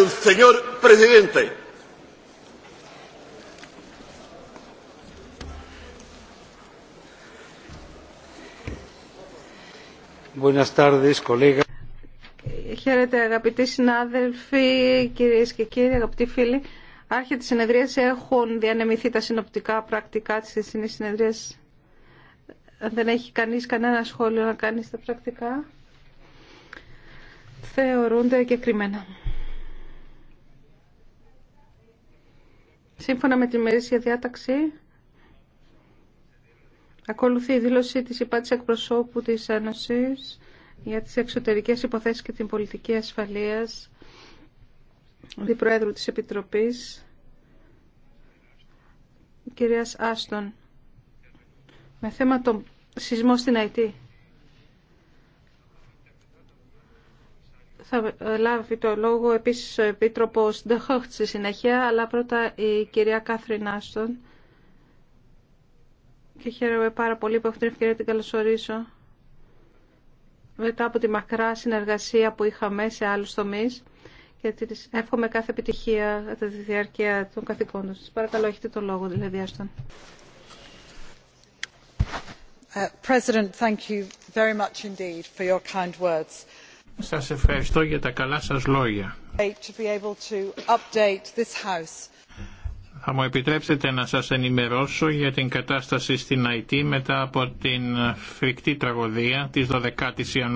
el señor presidente. Buenas tardes, colega. Χαίρετε αγαπητοί συνάδελφοι, κυρίες και κύριοι, αγαπητοί φίλοι. Άρχιε τη συνεδρία έχουν διανεμηθεί τα συνοπτικά πρακτικά της συνεδρία, συνεδρίας. Δεν έχει κανείς κανένα σχόλιο να κάνει στα πρακτικά. Θεωρούνται εγκεκριμένα. Σύμφωνα με τη μερίσια διάταξη, ακολουθεί η δήλωση της υπάτης εκπροσώπου της Ένωσης για τις εξωτερικές υποθέσεις και την πολιτική ασφαλείας διπροέδρου της Επιτροπής, κυρίας Άστον, με θέμα το σεισμό στην Αιτή. Θα λάβει το λόγο επίσης ο Επίτροπος Ντεχόχτ στη συνέχεια, αλλά πρώτα η κυρία Κάθριν Άστον. Και χαίρομαι πάρα πολύ που έχω την ευκαιρία να την καλωσορίσω. Μετά από τη μακρά συνεργασία που είχαμε σε άλλους τομείς και της εύχομαι κάθε επιτυχία κατά τη διάρκεια των καθηκόντων σας. Παρακαλώ, έχετε το λόγο, δηλαδή, Άστον. Uh, President, thank you very much indeed for your σας ευχαριστώ για τα καλά σας λόγια. Θα μου επιτρέψετε να σας ενημερώσω για την κατάσταση στην Αϊτή μετά από την φρικτή τραγωδία της 12ης Ιανουαρίου.